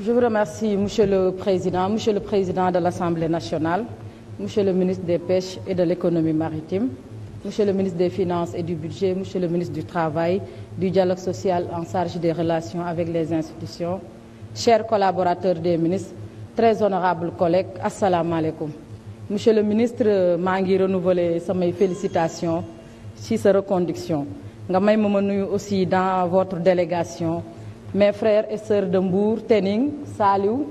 Je vous remercie, Monsieur le Président, Monsieur le Président de l'Assemblée nationale, Monsieur le ministre des Pêches et de l'Économie maritime, Monsieur le ministre des Finances et du Budget, Monsieur le ministre du Travail, du Dialogue social en charge des relations avec les institutions, chers collaborateurs des ministres, très honorables collègues, Assalamu alaikum. Monsieur le ministre, maa ngi renouveler samay félicitation si sa reconduction. Nga may dans votre délégation mes frères et sœurs de Mbour Tening Saliou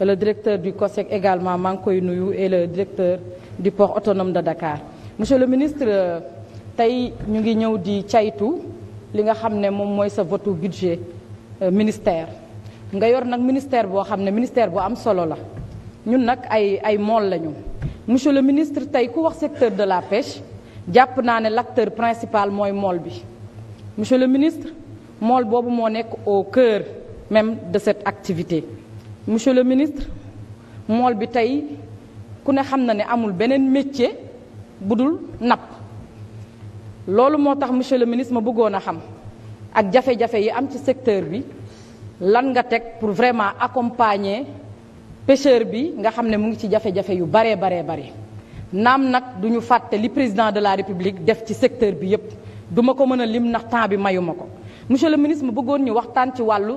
le directeur du COSEC également maa ngi koy nuyu et le directeur du pour autonome de Dakar monsieur le ministre euh, tey ñu ngi ñëw di caytu li nga xam ne moom mooy sa votu budget euh, ministère nga yor nag ministère boo xam ne ministère bu am solo la ñun nag ay ay mool lañu monsieur le ministre tey ku wax secteur de la pêche jàpp naa ne l'acteur principal mooy mool bi monsieur le ministre mool boobu moo nekk au cœur même de cette activité monsieur le ministre mool bi tey ku ne xam na ne amul beneen métier bu dul napp loolu moo tax monsieur le ministre ma bëggoon a xam ak jafe-jafe yi am ci secteur bi lan nga teg pour vraiment accompagner pêcheur bi nga xam ne mu ngi ci jafe-jafe yu baree baree bare naam nag du ñu fàtte li président de la république def ci secteur bi yépp duma ko mën a lim ndax temps bi mayuma ko monsieur le ministre bëggoon ñu waxtaan ci wàllu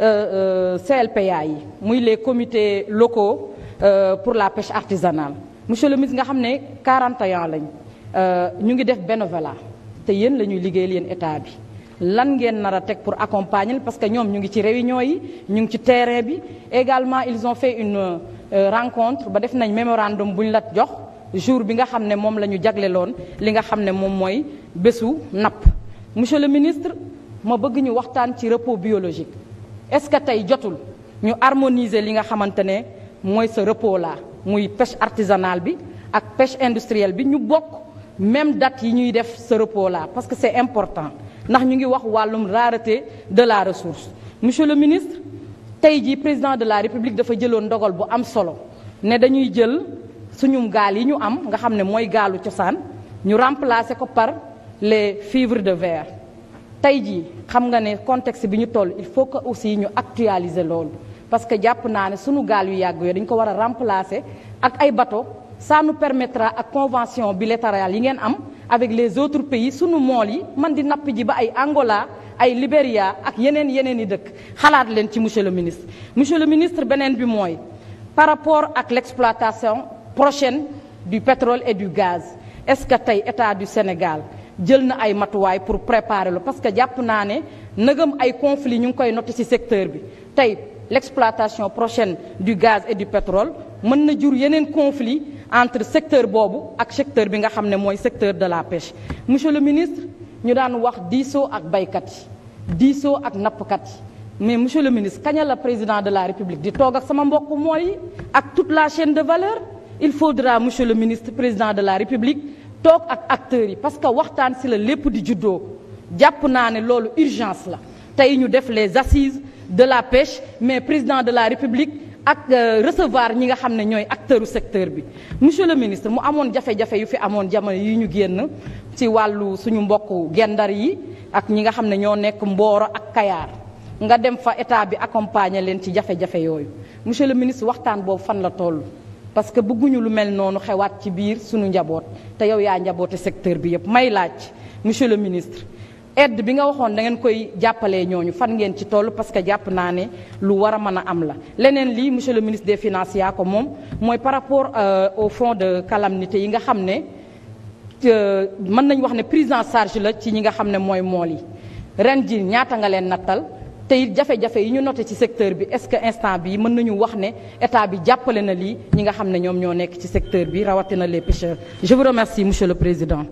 euh, euh, CLPA yi muy les comités locaux euh, pour la pêche artisanale monsieur le ministre nga xam ne 41 lañ ñu ngi def benn bénévolat te yéen la ñuy liggéeyal yéen état bi lan ngeen nar a teg pour accompagner parce que ñoom ñu ngi ci réunion yi ñu ngi ci terrain bi également ils ont fait une rencontre ba def nañ mémorandum bu ñu la jox jour bi nga xam ne moom la ñu loon li nga xam ne moom mooy bésu napp monsieur le ministre ma bëgg ñu waxtaan ci repos biologique est-ce que tey jotul ñu harmoniser li nga xamante ne mooy sa repos la muy pêche artisanale bi ak pêche industrielle bi ñu bokk même date yi ñuy def sa repos la parce que c'est important ndax ñu ngi wax wàllum rareté de la ressource monsieur le ministre tey jii président de la république dafa jëloon ndogal bu am solo ne dañuy jël suñu gaal yi ñu am nga xam ne mooy gaalu cosaan ñu remplacer ko par les fibres de verre tey jii xam nga ne contexte bi ñu toll il faut que aussi ñu actualiser loolu parce que jàpp naa ne sunu gaal yu yàgg yooyu dañ ko war a remplacer ak ay bateau ça nous permettra ak convention bilatérale yi ngeen am avec les autres pays sunu mool yi man di napp ji ba ay Angola ay Libéria ak yeneen yeneen i dëkk xalaat leen ci monsieur le ministre monsieur le ministre beneen bi mooy par rapport ak l'exploitation prochaine du pétrole et du gaz est-ce que tey état du Sénégal jël na ay matuwaay pour préparer lu parce que jàpp naa ne nëgëm ay conflits ñu ngi koy noté ci secteur bi tey l'exploitation prochaine du gaz et du pétrole mën na jur yeneen conflit entre secteur boobu ak secteur bi nga xam ne mooy secteur de la pêche monsieur le ministre ñu daan wax diisoo ak baykat yi diisoo ak nappkat yi mais monsieur le ministre kaña président de la république di toog ak sama mbokk mooy ak toute la chaîne de valeur il faudra monsieur le ministre président de la république toog ak acteurs yi parce que waxtaan si la lépp di juddoo jàpp naa ne loolu urgence la tey ñu def les assises de la pêche mais président de la république ak euh, recevoir ñi nga xam ne ñooy acteur secteur bi monsieur le ministre mu amoon jafe-jafe yu fi amoon jamono yi ñu génn ci wàllu suñu mbokk gendar yi ak ñi nga xam ne ñoo nekk mbooro ak Kayaar nga dem fa état bi accompagner leen ci jafe-jafe yooyu monsieur le ministre waxtaan boobu fan la toll parce que bëgguñu lu mel noonu xewaat ci biir suñu njaboot te yow yaa njaboote secteur bi yëpp may laaj monsieur le ministre aide bi nga waxoon da ngeen koy jàppalee ñooñu fan ngeen ci toll parce que jàpp naa ne lu war a mën a am la leneen lii monsieur le ministre des finances yaa ko moom mooy par rapport euh, au fonds de calamité yi nga xam ne euh, mën nañ wax ne prise en charge la ci ñi nga xam ne mooy mool yi ren ji ñaata nga leen nattal tey it jafe-jafe yi ñu noté ci secteur bi est-ce que instant bi mën nañu wax ne état bi jàppale na lii ñi nga xam ne ñoom ñoo nekk ci secteur bi rawatina les pêcheurs je vous remercie monsieur le président